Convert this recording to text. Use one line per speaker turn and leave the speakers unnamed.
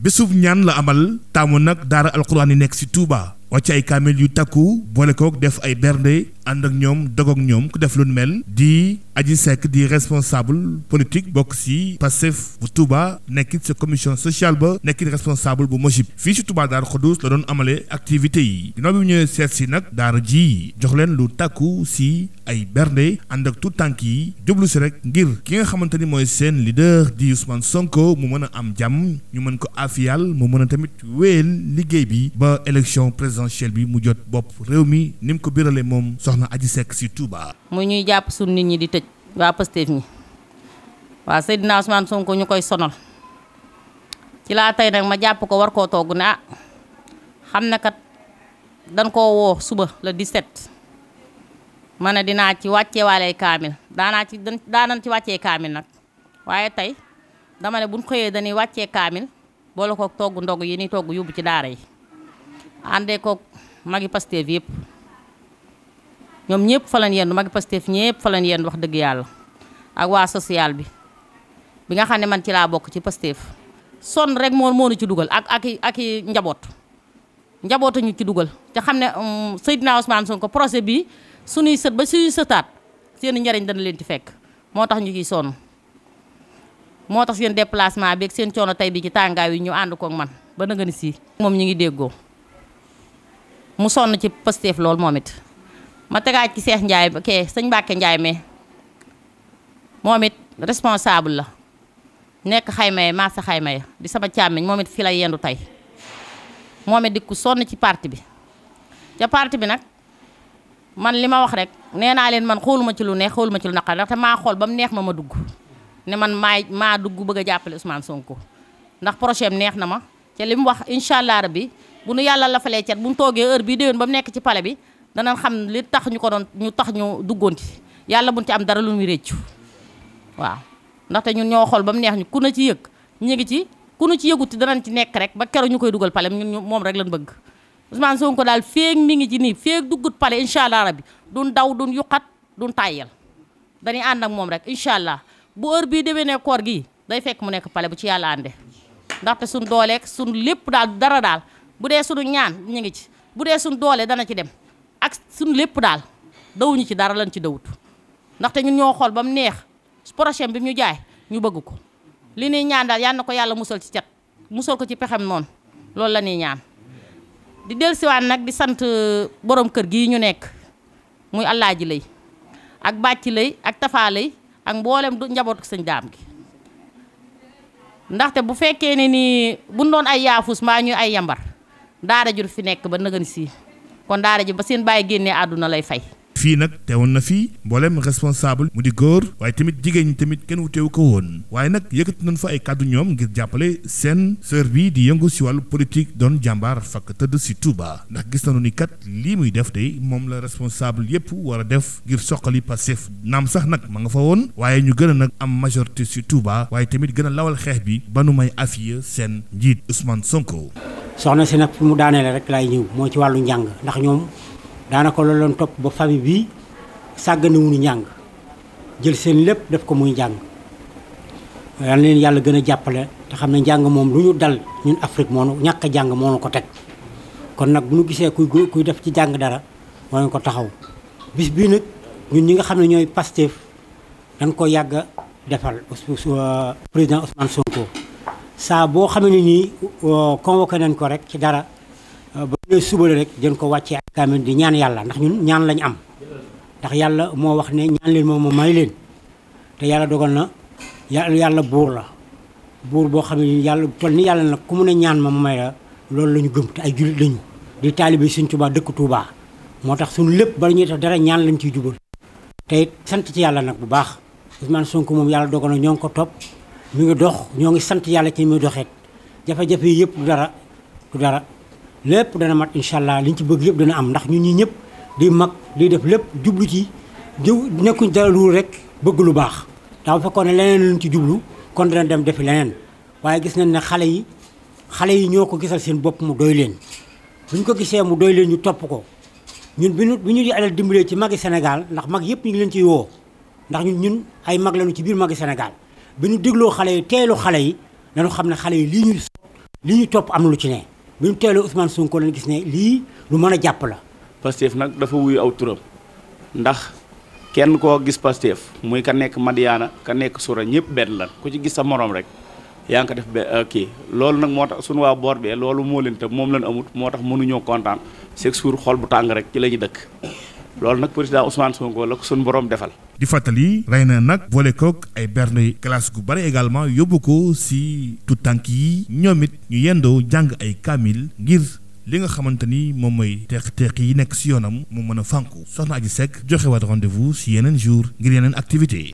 bésub ñaan la amal taamu nag daara alquran yi nekk ci tuubaa wàcc ay kaamil yu takku boole kook def ay bernde ànd ak ñoom dog ak ñoom ku def lu mel di aji sekk di responsable politique bokk si Pastef bu Touba nekkit sa commission sociale ba nekkit responsable bu Mojib fii si Touba Daaru Xuddus la doon amale activité yi ginnaaw bi mu seet si nag daara ji jox leen lu takku si ay bernde ànd ak tout tànk yi jublu si rek ngir ki nga xamante ni mooy seen leader di Ousmane Sonko mu mën a am jàmm ñu mën ko afiyal mu mën a tamit wéyal liggéey bi ba présidentielle bi mu jot bopp réew mi ni mu ko biralee moom soxna Adji Seck si Touba.
mu ñuy jàpp suñu nit ñi di tëj waa Pastef ñi waa Seydina Ousmane Sonko ñu koy sonal ci laa tey nag ma jàpp ko war koo togg ne ah, xam na kat dañ koo woo suba le 17. ma ne dinaa ci wàccee waalee kaamil daanaa ci daanan ci wàccee kaamil nag waaye tey dama dañuy wàccee kaamil boole ko togg ndog yi ni togg yóbbu ci daara yi àndee koog magi Pastef yëpp ñoom ñëpp fa lañ mag magi Pastef ñëpp fa lañ yendu wax dëgg yàlla ak waa social bi bi nga xam ne man ci laa bokk ci Pastef sonn rek moo moo nu ci dugal ak ak ak njaboot njabootu ci dugal te xam ne um, Seydina Ousmane Sonko projet bi suñuy sët ba suñuy sëtaat seen njariñ dana leen ci fekk moo tax ñu ciy sonn moo tax seen déplacement bi ak seen coono tey bi ci tàngaay yi ñu ànd koog man ba nga ni si mu sonn ci Pastef loolu moom it ma tegaat ci Cheikh Ndiaye ba kee sañ Mbacke njaay mais moom it responsable la nekk xayma ya maasa xayma ya di sama càmmiñ moom it fii la yendu tey moom it di ku sonn ci parti bi ca parti bi nag man li ma wax rek nee naa leen man xooluma ci lu neex xooluma ci lu naqar ndaxte maa xool ba mu neex ma ma dugg ne man maay maa dugg bëgg a jàppale Ousmane Sonko ndax projet neex na ma te li mu wax incha allah rabbi bu nu yàlla la falee cet bu nu toogee heure bii déwén ba mu nekk ci pale bi danañ xam li tax ñu ko doon ñu tax ñu duggoon ci yàlla buñ ci am dara lu muy réccu waaw ndaxte ñun ñoo xool ba mu neex ñu ku na ci yëg ñu ngi ci ku nu ci yëguti danañ ci nekk rek ba keroog ñu koy dugal pale ñun moom rek lañ bëgg soo ko daal féeg mi ngi ci nii féeg duggut pale incha allah rabbi duñ daw duñ yuqat duñ tàyyal dañuy ànd ak moom rek incha allah bu heure bii demee koor gii day fekk mu nekk pale bu ci yàlla ànde ndaxte suñ dooleek suñ lépp daal dara daal bu dee sunu ñaan ñu ngi ci bu dee sunu doole dana ci dem ak sunu lépp daal dawuñu ci dara lañ ci dawut ndaxte ñun ñoo xool ba mu neex prochain bi mu ñu jaay ñu bëgg ko li ñuy ñaan daal na ko yàlla musal ci cat musal ko ci pexem noonu loolu la ñuy ñaan di dellusiwaat nag di sant euh, borom kër gi ñu nekk muy Alaaji Lay ak Bàcci Lay ak Tafa Lay ak mboolem du njabootu sëñ daam gi ndaxte bu fekkee ne nii buñ doon ay yaafus mbaa ñuy ay yambar daara ju fi nekk ba nëgën sii kon daara ji ba seen bàyyi génnee àdduna lay fay.
fii nag te woon na fii mboolem responsable mu di góor waaye tamit jigéen ñi tamit kenn wuteewu ko woon waaye nag yëkkati nañ fa ay kàddu ñoom ngir jàppale seen sœur bii di yëngu si wàllu politique doon jàmbaar fakk tëdd si Touba ndax gis nañu ni kat lii muy def tey moom la responsable yépp war def ngir soqali Pastef naam sax nag ma nga fa woon waaye ñu gën a nag am majorité si Touba waaye tamit gën a lawal xeex bi ba nu may affiye seen njiit Ousmane Sonko.
soxna si nag fi mu daaneele rek laay ñëw moo ci wàllu njàng ndax ñoom daanako loolu loon topp ba famille bi sàgganewuñu njàng jël seen lépp def ko muy njàng yal leen yàlla gën a jàppale te xam ne njàng moom lu ñu dal ñun Afrique moo nu ñàkk a jàng moo nu ko teg kon nag bu ñu gisee kuy kuy def ci jàng dara war ko taxaw bis bii nag ñun ñi nga xam ne ñooy Pastef dañ ko yàgg a defal euh, président Ousmane Sonko saa boo xamee ne nii convoqué nañ ko rek ci dara ba ñu suba la rek jën ko wàccee ak kaamil di ñaan yàlla ndax ñun ñaan lañ am ndax yàlla moo wax ne ñaan leen moom moo may leen te yàlla dogal na yàlla yàlla buur la buur boo xam ne yàlla toll ni yàlla nag ku mun a ñaan ma may la loolu la ñu gëm te ay jullit lañu di taalibe Sëñ Tuubaa dëkk Tuubaa moo tax suñu lépp ba ñuy te dara ñaan lañ ciy jubal te sant ci yàlla nag bu baax Ousmane Sonko moom yàlla dogal na ñoo ngi ko topp mi ngi dox ñoo ngi sant yàlla ci mi doxeet jafe-jafe yi yëpp du dara du dara lépp dana mat incha allah liñ ci bëgg yëpp dana am ndax ñu nii ñëpp di mag di def lépp jublu ci jiw nekkuñ dara lu rek bëgg lu baax ndax bu fekkoon leneen luñ ci jublu kon dana dem defi leneen waaye gis nañ ne xale yi xale yi ñoo ko gisal seen bopp mu doy leen buñ ko gisee mu doy leen ñu topp ko ñun bi ñu bi ñu di alal dimbalee ci magi Sénégal ndax mag yëpp ñu ngi leen ciy woo ndax ñu ñun ay mag lañu ci biir magi Sénégal bi ñu dégloo xale yi teelu xale yi dañu xam ne xale yi lii ñuy lii ñuy topp am lu ci ne bi ñu teeloo Ousmane ko lañ gis ne lii lu mën a jàpp la.
Pastef nag dafa wuyu aw turam ndax kenn koo gis Pastef muy ka nekk Madiana ka nekk Sura ñëpp benn la ku ci gis sa moroom rek. yaa ngi ko def be euh, kii loolu nag moo tax suñu waa boor bee loolu moo leen tëb moom lañ amut moo tax mënuñoo kontaan chaque jour xol bu tàng rek ci la dëkk. loolu nag président Ousmane Sonko la ko suñu borom defal. di fàttali rey na nag boole koog ay berne classe gu bari également yóbbu ko si tout tànk yi ñoom it ñu yendoo jàng ay kaamil ngir li nga xamante ni moom mooy teq-teq yi nekk si yoonam mu mën a fànku soxna Aji Seck joxe waat rendez-vous si yeneen jour ngir yeneen activité